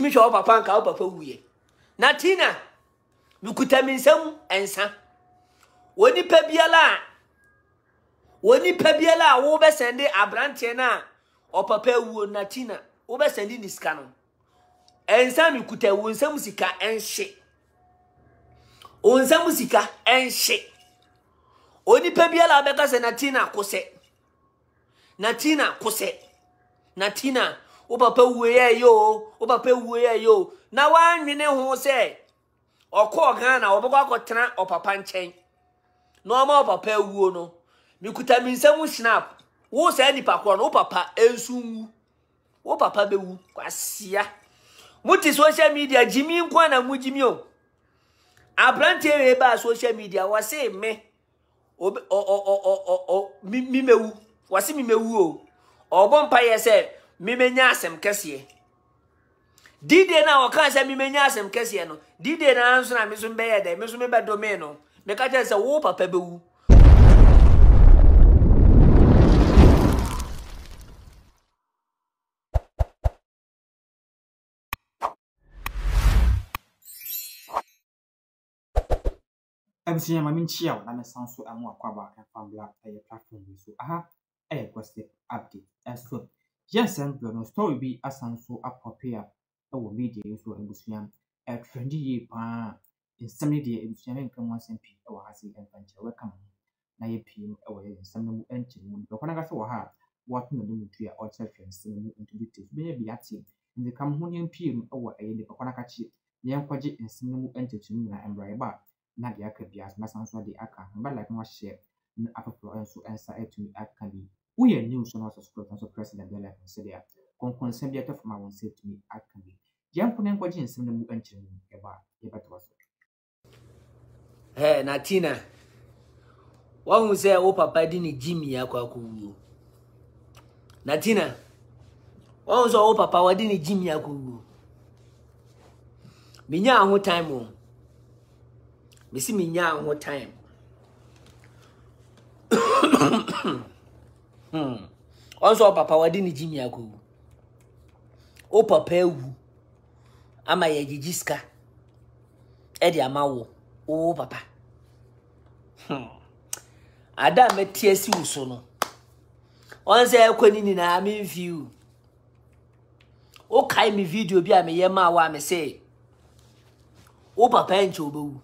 mehwɛ wo papa nka wo papa wuiɛ na tina mekuta me nsam ɛnsa onipa biala a onipa biala a wobɛsɛnde aberanteɛ no a ɔpapa awuo na tina wobɛsɛnde ne sika no ɛnsa mekuta wo nsam sika ɛnhye wo nsam sika ɛnhye onipa biala a wobɛka sɛ na tina kosɛ na tina kosɛ na tina wopapa wueyɛ yi o papa wueyɛ yi o na woanwene ho sɛ ɔkɔɔ ghana wɔbɛkɔ akɔtena ɔpapa nkyɛn na ɔma ɔpapa awuo no mekuta me nsɛm snap wo saa nipa korɔ no wo papa nso wo papa bɛwu kwasia mote social media gyimi nko na mogyimi o aberanteɛ wei social media wɔse me wɔse o ɔbɔ mpa mimenya asɛm kɛseɛ dide na wɔkaa sɛ mimenya asɛm kɛseɛ no dide na nso na me so mbɛyɛ dɛ me so mebɛdome no meka kyerɛ sɛ wo papa bɛwu ɛbisi yɛn ma mi nkyia wo na mi san so ɛmo akɔ abɔ akɛfa black ɛyɛ platform bi so aha ɛyɛ gossip update ɛso yɛn nsɛm berɛ no story bi asa nso apɔpe a ɛwɔ media yi so a abusua ɛtrɛnde yie paa nsɛm no deɛ abusua no nka mu asɛm pii ɛwɔ ha se ɛmfa nkyerɛ wɔka ho na yɛpie mu ɛwɔ yɛ nsɛm no mu ɛnkyerɛ mu nnipa kwan akasa wɔ ha a wɔato n'anim ntu a ɔkyerɛkyerɛ nsɛm no mu ntu bi tiri bɛyɛ bi ate nneka ho ne mpie mu ɛwɔ ɛyɛ nnipa kwan akakye na yɛnkɔgye nsɛm no mu ɛnkyerɛkyerɛ mu nyinaa mmerɛyɛbɔ na deɛ aka biara so uyannews na wasa sukuru kanso president bela konselia konkonsa bi atafama wɔn sɛ tumi aka bi gyanko ne nkɔgye nsɛm no mu nkyerɛ mu ɛba yɛbɛtoa so Hey, Natina, wahu sɛ wo papa di ne gyimi akɔ akɔwuo Natina, wahu sɛ wo papa wadi ne gyimi akɔwuo menyaa ho time o mesi menyaa ho time Hmm. ɔn sɛ ɔpapa wɔde ne gyimi akɔwu wo papa awu ama yɛgyegye sika ɛde ama wo wowo papa hmm. ada a mɛte asi wo so no ɔn sɛ ɛkɔ ne nyinaa memfi wo wokae me video bi a meyɛ maa wo a me sɛ wo papa nkyɛ wobɛwu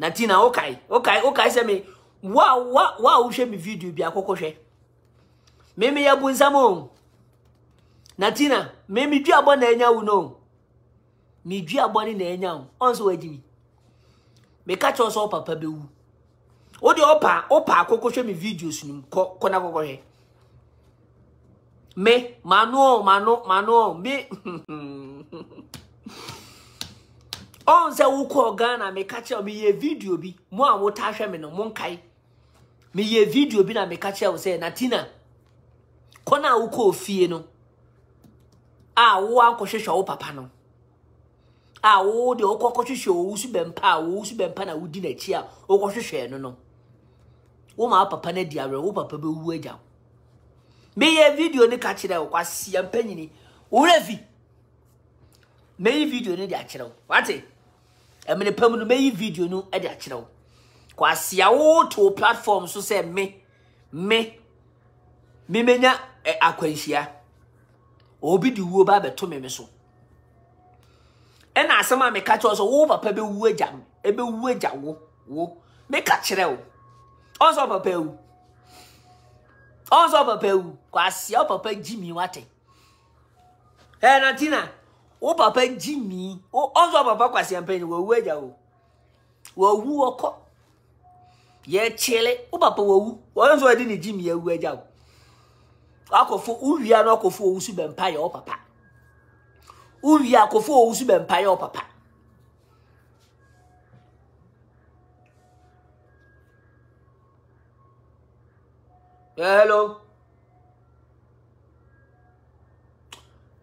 na nti na wokae wokae wokae sɛ me wo a wohwɛ me video bi akɔkɔhwɛ mimi yɛ bunsam o natina mimi duabɔ na ɛnya wo no mi duabɔ ne na ɛnya wo ɔn so wagyi mi meka kyerɛ sɛ ɔpapa bɛwu wode ɔpa ɔpa akɔkɔ hwɛ me videos no mu kɔ kɔ na kɔkɔ hwɛ me mano mano mano me ɔn sɛ wokɔɔ ghana meka kyerɛ meyɛ video bi mo a wota hwɛ me no monkae meyɛ video bi na meka kyerɛ wo sɛ natina kwan a wokɔɔ fie no a wo ankɔhwehwɛ wo papa no a wo deɛ wokɔ kɔhwehwɛ owu so bɛmpa a wowu so bɛmpa na wodi n'akyi a wokɔhwehwɛɛ no no woma wo papa no adi awerɛ wo papa bɛwu agya wo meyɛ video no ka e kyerɛ wo kwasia mpanyini wowura fi meyi video no de akyerɛ wo wate ɛmene pam no meyi video no de akyerɛ wo kwasia wo to platform so sɛ me me memenya akwanhyia obi de wuo ba abɛto me so ɛna asɛm a meka kyerɛ sɛ wo papa bɛwu agya ɛbɛwu agya wo wo meka kyerɛ wo ọzọ sɛ papa awu ɔn sɛ papa awu kwasia papa gyi mi wate ɛɛ wo papa gyi mi agya wo wo papa ɔde ne gyi mi awu agya wo. akɔfo uwia no akɔfo owu so bɛmpa yɛ ɔpapa uwia akɔfo owu so bɛmpa yɛ ɔpapa hello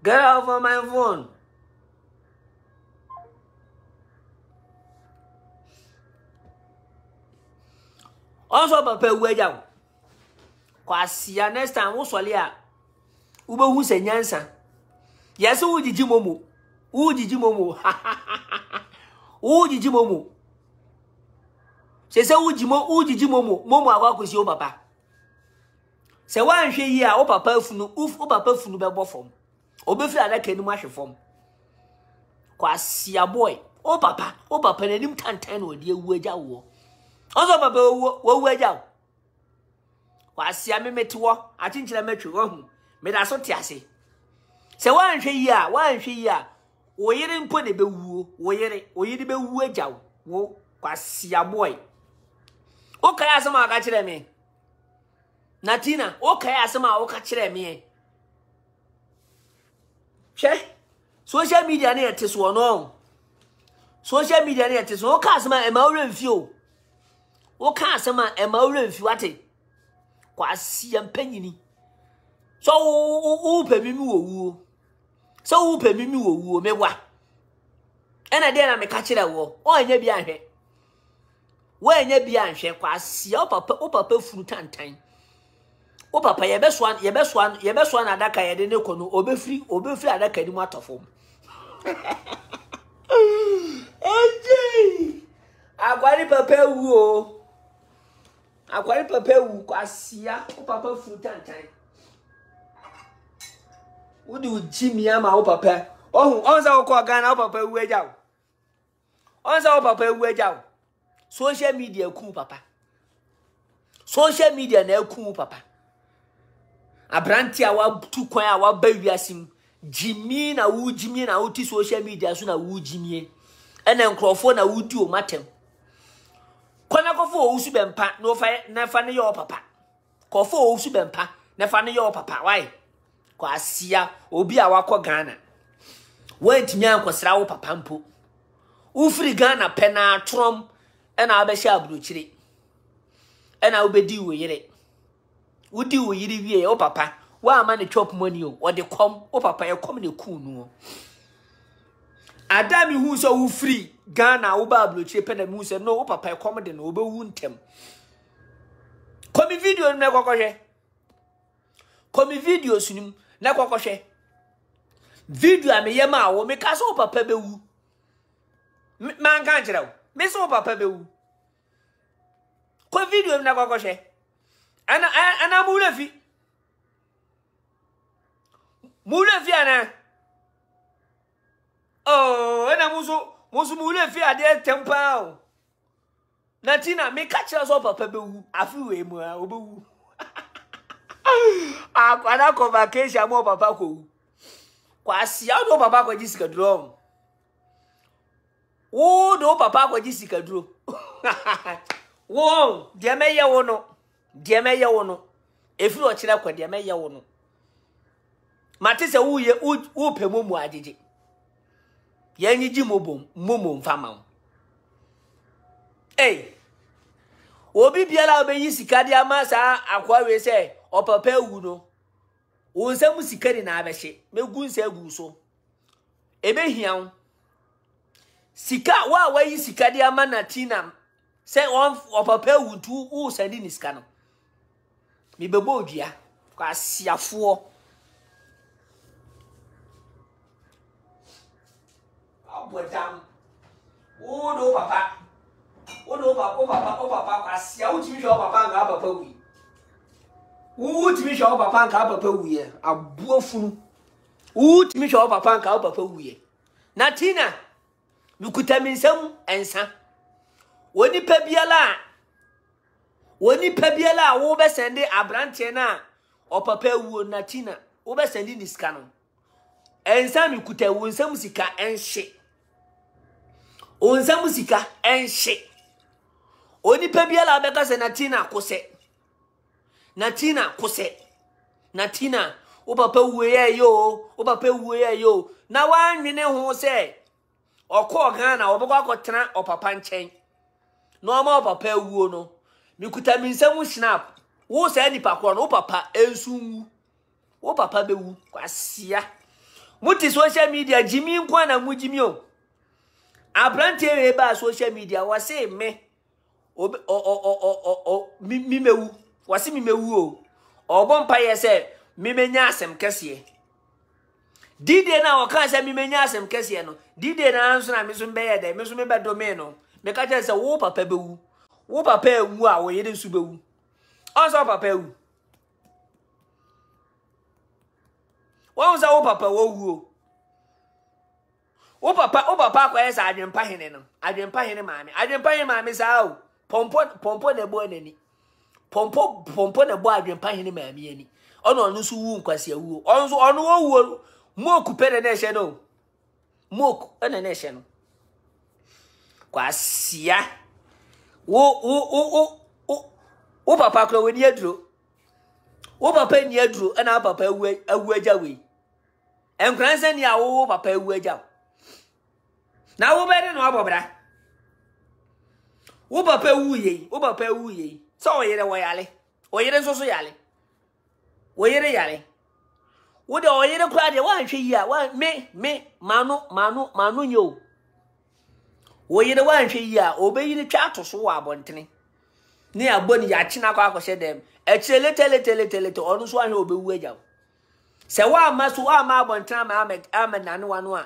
get off of my phone. ọsọ papa ewu ẹja o kɔ asia next time wosɔre a wobɛhu sɛ nyansa yɛ sɛ wogyegye momo wogyegye momo wogyegye momo sɛ sɛ wogyegye momo momo akɔ akɔsie wo papa sɛ woanhwɛ yie a wo papa funu wo papa funu bɛbɔ fam obɛfiri adaka anim ahwe fam kɔ asia boy wo papa wo papa n'anim tantan na ɔde awu agya woɔ ɔsɛ papa wawu agya wo wasia me mete hɔ akyenkyerɛ matwi wahu meda so te ase sɛ woanhwɛ yi a woanhwɛ yi a wo yere mpo ne bɛwuo wo yere wo yere bɛwu agya wo wo kwasia boy wokae asɛm a woka kyerɛ me natina wokae asɛm a woka kyerɛ me hwɛ social media ne yɛte soɔ no social media ne yɛte soɔ woka asɛm a ɛma worɛ mfio woka asɛm a ɛma worɛ mfio ati. kwasia mpanyini sɛ wopɛ mi mi wɔ wuo sɛ wopɛ mi mi wɔ wuo mewa ɛna deɛ na meka kyerɛ o ɔnyɛ bi anhwɛ wɔnyɛ bi anhwɛ kwasia o papa o funu tantan o papa yɛbɛsoa yɛbɛsoa yɛbɛsoa na adaka yɛde ne kɔ no obɛfiri obɛfiri adaka ni mu atɔ fam agye akwari papa wu o. akwari papa wu kwasia wo papa furu tantan wode wogyi mmea ma wo papa ɔhu ɔn sɛ wokɔ ghana wo papa wu agya wo ɔn sɛ wo papa wu agya wo social media ku papa social media na aku papa aberante a watu kwan a waba wiase mu gyimi na wogyimi na wote social media so na wogyimie ɛna nkurɔfoɔ na wodi o matam kɔfo owu so bɛmpa mpa na ofa na ne yɛ ɔpapa kɔfo owu so bɛmpa mpa fa ne yɛ ɔpapa wae kɔ asia obi a wakɔ ghana wɔntumi ankɔsra wo papa mpo wofiri ghana pɛ na atwerɛm ɛna wabɛhyɛ aburokyire ɛna wobɛdi wo yere wodi wo yere wie wo papa woama ne chop money o ɔde kɔm wo papa yɛ kɔm ne kuu no ada mehu sɛ wofiri Ghana wo ba abrochie pe na mu se no wo papa ekom de no obewu ntem komi video na kokohwe komi video sunim na kokohwe video ame meyɛ ma wo me sɛ wo papa bɛwu manka nkyerɛ wo me sɛ wo papa bɛwu kɔ video m na kɔkɔhwɛ ana mowura fi mowura fi anaa oh, ɛna mo nso mo nso mo wura fi adeɛ tɛm paa o na ti na meka kyerɛ sɛ papa bɛwu afe wei mu a obɛwu akwana ah, kɔ vacation mu papa kɔwu kwasia wo de wo papa akɔgye sikaduro ɔ wo de wo papa akɔgye sikaduro wo deɛ mɛyɛ wo no deɛ mɛyɛ wo no ɛfiri ɔkyerɛ kɔ deɛ mɛyɛ wo no mate sɛ woyɛ wopɛ mu mu agyegye yeniji mumu mfama ei obi biara obeyi sika de ama saa akwa wee sɛ ɔpapa ewu no wɔn nsam sika de na abɛhye megu nsa egu so ebehia ho sika wo a wayi sika de ama na tina sɛ wɔn ɔpapa ewu ntu wɔn sɛ de ne sika no mebɛbɔ odua kɔ asiafoɔ. abɔdam wo ne wo papa wo ne wo papa papa papa asia wotumi hwɛ papa nka papa wui wotumi hwɛ papa nka papa wuiɛ aboa funu wotumi papa nka papa wuiɛ na tina mekuta me nsam nsa onipa biara a onipa biara a wobɛsɛnde aberanteɛ no a ɔpapa awuo na tina wobɛsɛnde ɔnsam sika ɛnhye onipa biara bɛka sɛ natina kosɛ natina kosɛ natina wo papa wue ɛyɛ o wo papa wue ɛyɛ o na woanwene ho sɛ ɔkɔɔ ghana ɔbɛkɔ akɔtena ɔpapa nkyɛn na ɔma ɔpapa awuo no mekuta me nsɛm snap wo saa nipa korɔ no wo papa nso nwu wo papa bɛwu kwasia mote social media gyimi nko a na mogyimi o aberanteɛ yɛ social media wɔse me mimɛwu wɔse mimɛwu o ɔbɔ mpa yɛ sɛ mimɛnya asɛm kɛseɛ dide na wɔka sɛ mimɛnya asɛm kɛseɛ no dide na nso na meso bɛyɛ dɛ meso mebɛdo me no meka kyerɛ sɛ wo papa bɛwu wo papa awu e a wo yere nso bɛwu ɔsɛ wo papa awu e wɔn sɛ wo papa wɔwu o wopapa wopapa akɔyɛ sɛ adwempahene no adwempahene maame adwempahene maame saa o pɔmpɔ pɔmpɔ na ɛbɔ n'ani pɔmpɔ pɔmpɔ na ɛbɔ adwempahene maame ani ɔna ɔno nso wu nkwasi awuo ɔno nso ɔno wɔwuo no mook pɛ na na ɛhyɛ no mook ɛna na ɛhyɛ no kwasia wo wo wo wo wo papa kura wo ni aduro wo papa ni aduro ɛna papa awu awu agya wei nkransa ni a wo wo papa awu agya o. na wo wubere na ọgbọbara wubọpe wuye wubọpe wuye sọ oyere woyale oyere nsoso yale oyere yale wode oyere kura de wanhwe yi a wan me me manu manu manu nyo oyere wanhwe yi a obeyiri twa atoso wɔ abɔntene ne abɔ ne yakye na akɔ akɔhyɛ dɛm akyire lete lete lete lete ɔno nso ahwɛ obewu agya sɛ ama so ama abɔntene ama ama nane wa no a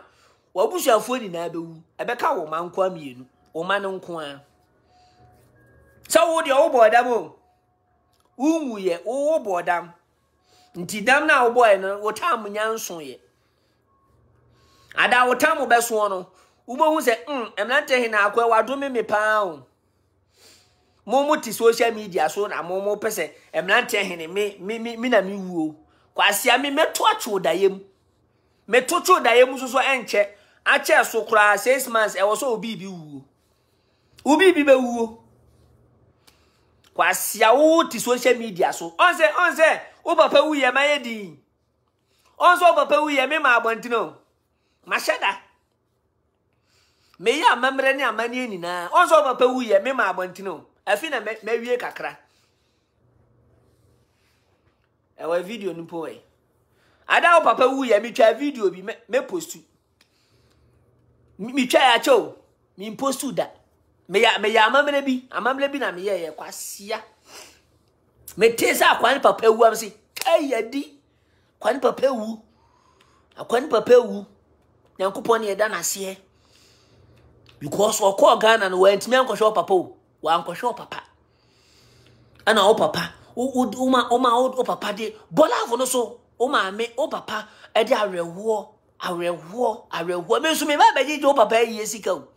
wabusuafoɔ nyinaa bɛwu ɛbɛka wo ma nkoa mmienu wo ma no nko a sɛ wo deɛ wobɔ dam o wonwuyɛ wowo bɔ dam nti dam na a wobɔɛ no wo tam nya nsoyɛ ada wo tam bɛsoɔ no wobɛhu sɛ mm, mmerantɛ he na akɔɛ wadome me paa o mo mo te social media so na mo mo pɛ sɛ mmerantɛ mi mi me me na mi wuo kwasia me mɛto atwo daeɛ mu mɛto two daeɛ mu nso ɛnkyɛ akyɛ so koraa six months ɛwɔ sɛ obi bi wuo obi bi bɛ wuo kwasia wo ti social media so ɔnsɛ ɔnsɛ wo papa wu yɛ mayɛ din ɔnsɛ wo papa wu yɛ mema abɔntene o mahyɛ da meyɛ amammerɛ ne amanneɛ nyinaa ɔnsɛ wo papa wu yɛ mema abɔntene o afi na mawie kakra ɛwɔ video no po ɛ ada wo papa wu yɛ metwa video bi mɛpostu me metwa ya kyɛw mempostu da meyɛ amammerɛ bi amammerɛ bi na meyɛyɛ kwasia metee sɛ akwane papa wu am se kai adi akwane papa wu akwane papa wu nyankopɔn ne yɛda naseɛ because ɔkɔɔ ghana no wantumi ankɔhwɛ wo papa o wankɔhwɛ wo papa ɛna wo papa woma wo papa de bɔlaafo no so wo maame wo papa de awerɛwoɔ awerɛhoɔ awerɛhoɔ bi nso mema bɛgye gye wo papa ayie sika o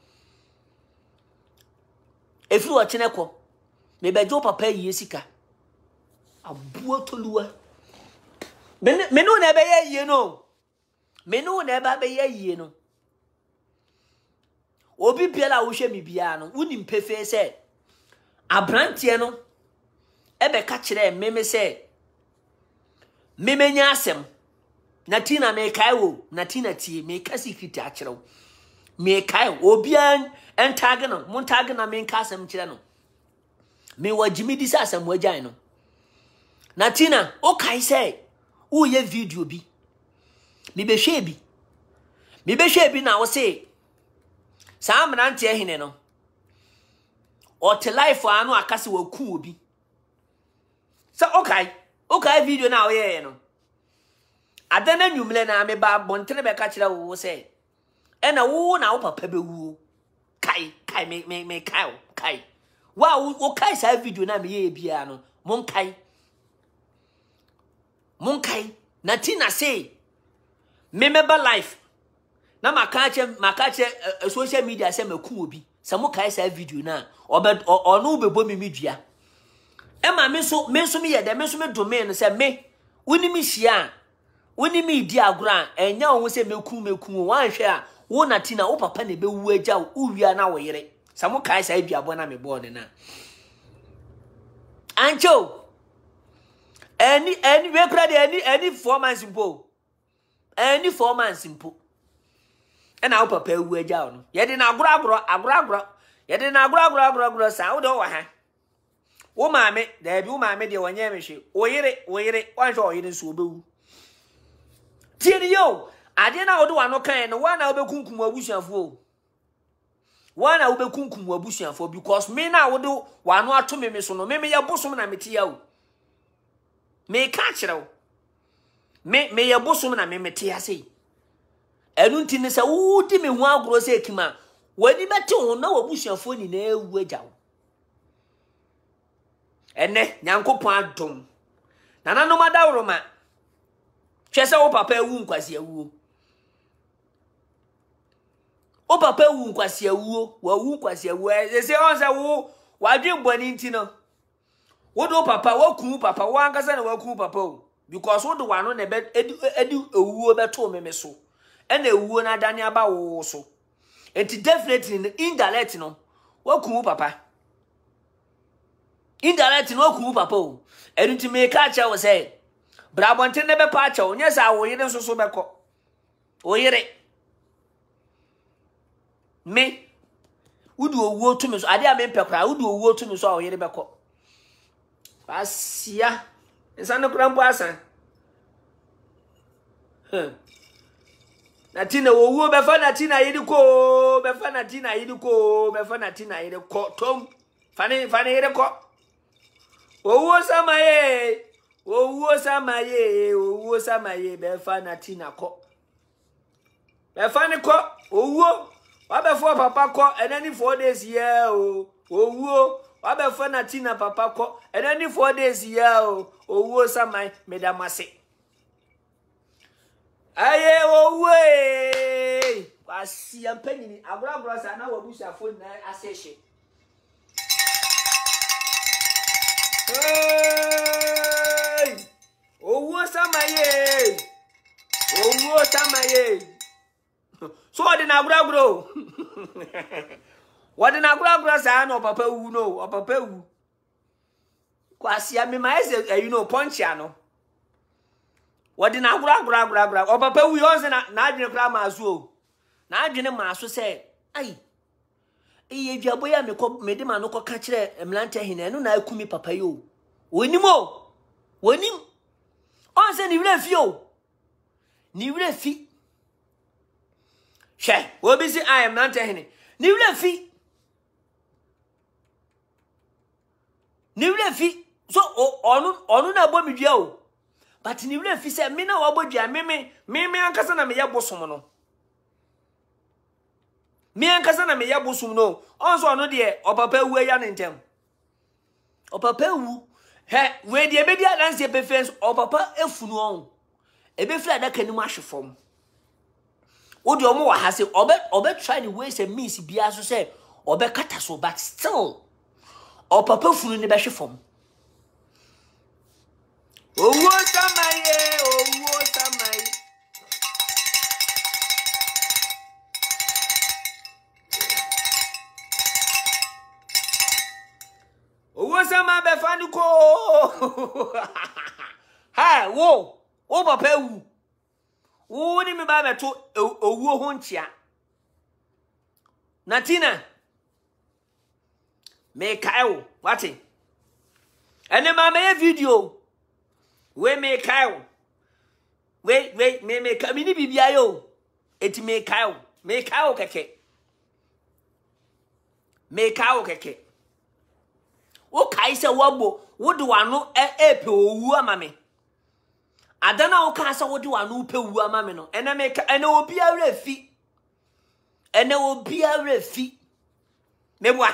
ɛfiri ɔkyena kɔ mebɛgye wo papa ayie sika aboa toluwa mene wo na ɛbɛyɛ ayie no mene wo na ɛba bɛyɛ ayie no obi biara a wohwɛ me biara no wonim pefee sɛ aberanteɛ no ɛbɛka kyerɛ meme sɛ memenya asɛm Nati na mekae wo nati, ti na tie meka secret akyerɛ wo mekae obiara ntaage no montaage na menka asɛm kyerɛ no mewɔ gyimedi sɛ asɛm wagyae no na ti na wokae sɛ woyɛ video bi mebɛhwɛɛ bi mebɛhwɛɛ bi na wo se saa mmeranteɛ hene no ɔte life a no aka sɛ obi sɛ wokae wokae video no a woyɛɛ no ada na nwumle na me ba bontene be ka kira wo se e na wo na wo papa be wo kai kai me me me kai kai wa wo kai sa video na me ye bia no mon kai mon kai na ti na se me me life na maka kye maka kye uh, eh, social media se me ku obi se mo kai sa video na obe ono be bo mi mi dua e ma me so me so me ye de me so me domain se me woni mi hia wonim idi agorɔ a ɛnyɛ wo ho sɛ mɛkum mɛkum o a wo nate na wo papa na ɛbɛwu agya wo wowia na wo yere sɛ mokae saa aduabɔ na mebɔɔ ne no ankyɛ o ɛni ɛni wei kura de ɛni ɛni four months mpo ɛni four months mpo ɛna wo papa ewu agya no yɛde na agorɔ agorɔ agorɔ agorɔ yɛde na agorɔ agorɔ agorɔ agorɔ saa wo de wɔ ha wo maame daabi wo maame deɛ wɔnyɛ mehwe wo yere wo yere wɔnhwɛ yere nso obewu tie ne yo adeɛ no a wode wano kan no woa na wobɛkunkum abusuafoɔ woa na wobɛkunkum abusuafoɔ because me na wode wano ato me me so no me meyɛ bosom na mete ya wo meka kyerɛ wo me meyɛ bosom na me mete ase yi ɛno nti ne sɛ wodi me ho agorɔ sɛ akim a w'ani bɛte ho na w'abusuafoɔ nyinaa awu agya wo ɛnɛ nyankopɔn adom nananom adaworoma hwɛ sɛ papa awu nkwasi awuo wo papa awu nkwasi awuo wawu nkwasi awuo ɛsɛ ɔn sɛ wo wadwe nti no papa woakum papa woankasa na woakum papa o because wode wano na ɛde owuo so ɛna ewuo no adane aba so nti definitely indirect no woakum papa indirect no papa o wo sɛ bra abɔnten ne bɛpa akyɛ wo nyɛ saa wo nso so bɛkɔ wo me wode owuo tumi so adeɛ a mempɛ koraa wode owuo tumi so a wo yere bɛkɔ asia nsa no koraa mpo asan natina owuo bɛfa natina yere koo bɛfa natina yere koo bɛfa natina yere kɔ tom fane fane yere kɔ owuo sama yee. owuo samaye owuo samaye bɛfa nati na kɔ bɛfa ne kɔ owuo wabɛfo papa kɔ ɛnɛ ni four days yɛ o owuo wabɛfo nati na papa kɔ ɛnɛ ni four days yɛ o owuo samaye medamase ɛyɛ owuo ee wasi mpanyini agoragora saa na wabusuafo nyinaa na hyɛ. owu owuo owu owuo samaye so ọ dị na agwụragwụrụ ọ dị na agwụragwụrụ saa na ọpapa ewu no ọpapa ewu kwasia mema eze eyi no pọnchi anọ ọ dị na agwụragwụrụ agwụragwụrụ ọpapa ewu ya ọzọ na adwene koraa ma azụ o na adwene ma asụ sị ayi iye aduabɔ yi a mede ma no kɔka kyerɛ mmerante hene ɛno na akumi papa ya o wɔnim o wɔnim ɔnsɛ ne werɛ fi o ne werɛ fi hwɛ obi si ayɛ mmerantɛ hene ne werɛ fi ne werɛ fi so ɔno ɔno na abɔ me dua o but ne werɛ fi sɛ me na wabɔ dua me me me me ankasa na meyɛ bosom no me ankasa na meyɛ bosom no ɔnso ɔno deɛ ɔpapa awu ya ne ntɛm ɔpapa awu hɛ wei deɛ ebedi adansi ebefie nso ɔpapa efunu ɔn ebefie adaka anim ahwe fam wodi ɔmo wɔ ha se ɔbɛ ɔbɛ try ne ways say means biara so say ɔbɛ kata so but still ɔpapa funu ne bɛhwe fam. owó sọmọ yẹ owó. asɛm abɛfa no koo ha wo wo papa wu wo ne me ba bɛto owuo ho nkyea natina mekae wo wate ɛne ma mɛyɛ video wei mekae wo We we me meka me ne biribia yo. o me mekae wo mekae wo Me mekae wo kɛkɛ wokae sɛ woabo wode w'ano ɛpɛ e, owu ama me ada no a wokaa sɛ wode w'ano wopɛ wu ama me no ɛnɛ meka ɛnɛ obia werɛ fi ɛnɛ obia werɛ fi meboa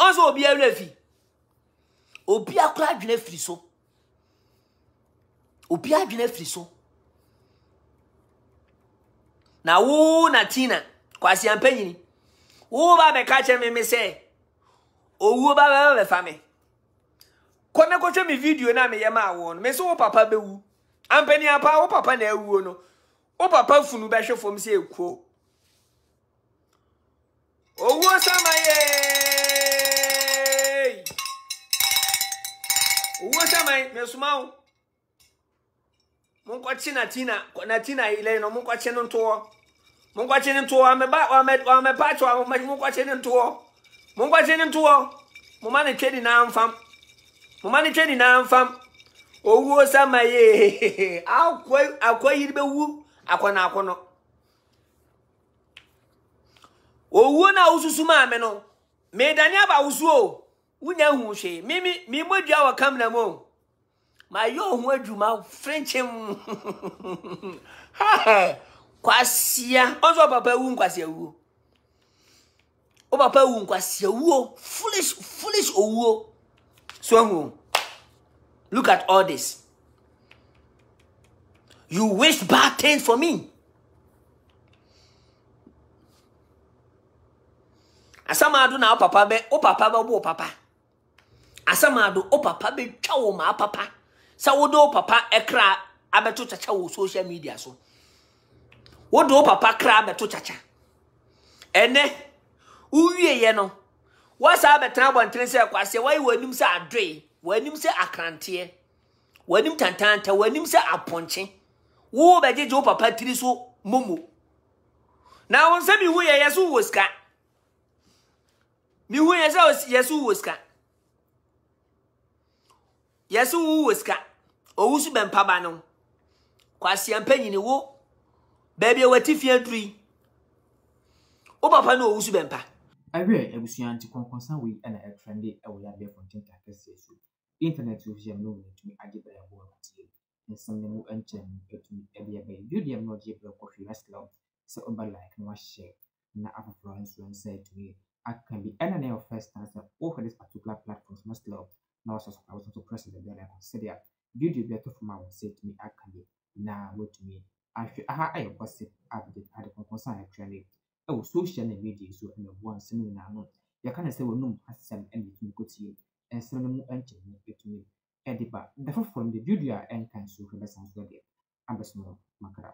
ɔn sɛ obia werɛ fi obia koraa adwene firi so obi adwene firi so na wo na tina kwasi ampanyini wo ba bɛka kyerɛ me me sɛ owuo ba bɛ bɛ fa mi kɔ na mi video na mi yɛ ma no wo papa bɛ wu papa na ewuo no wo papa funu bɛ hwɛ fam sɛ ekuo owuo sama yɛ owuo sama yɛ mɛ wo mo na tina na tina ilɛ no mo ntoɔ mo ntoɔ mo ntoɔ. mụgwazini ntụọ mụma na chedi na mfam mụma na chedi na mfam owu osa ma ye akwa yiribe wu akwa na akwa no owu na ususu ma me no me dani aba usu o wunya hu hwe mimi mi modua wa kamna mo ma yo hu adwuma french m kwasia ozo papa ewu nkwasi ewu. wo papa wu nkwasi owuo foolish foolish owuo so ehu look at all this you wish bad things for me asamado na wo papa be, o papa bɛbɔ wo papa asamado o papa bɛtwa wo ma papa sɛ wode wo papa e kra abɛto kyakya wɔ social media so wode wo papa kra abɛto kyakya ɛnɛ wowieyɛ no wɔsaa bɛtena abɔntene sɛ kwaseɛ wɔyɛ w'anim sɛ adoe w'anim sɛ akranteɛ w'anim tantanta w'anim sɛ apɔnkye wo bɛgyegye wo papa tiri so momo na wo nsɛ mehu yɛ yɛ so wɔ sika mehu yɛ sɛ yɛ so wɔ sika yɛ so wo wɔ sika owu so bɛmpa ba no kwaseɛ mpanyini wo baabi a wɔati fie aduru yi wo papa no owu so bɛmpa ɛhwɛ abusua nti kɔnkɔnsa wei ɛna ɛtrɛnde ɛwɔ yabea fɔnten kakɛseɛ so internet wohyia mu no wɔn atumi agye bɛyɛ aboɔ abateɛ nsɛm no mu nkyɛn mu atumi ɛde ɛbɛyɛ video mu na ɔgye brɛ kɔhwe wrestler sɛ ɔba like na wahyɛ na afoforɔ nso nsa atumi aka bi ɛna na ɛyɛ first time sɛ wɔhwɛ this particular platform wrestler na wɔsubscribe nso press the bell icon sɛdeɛ video bi ato fam a wɔn nsa atumi aka bi na wɔatumi ahwɛ aha ɛyɛ gossip update ade kɔnkɔnsa a ɛtrɛnde ɛwɔ social media so ɛna ɛboa nsɛm nyinaa no yɛka ne sɛ wɔnom asɛm ɛna ɛtumi kɔtie nsɛm no mu ɛnkyɛn mu ɛtumi ɛde ba da foforɔ no de video a ɛnka nso ɛbɛsan so ɛdeɛ abɛsono makra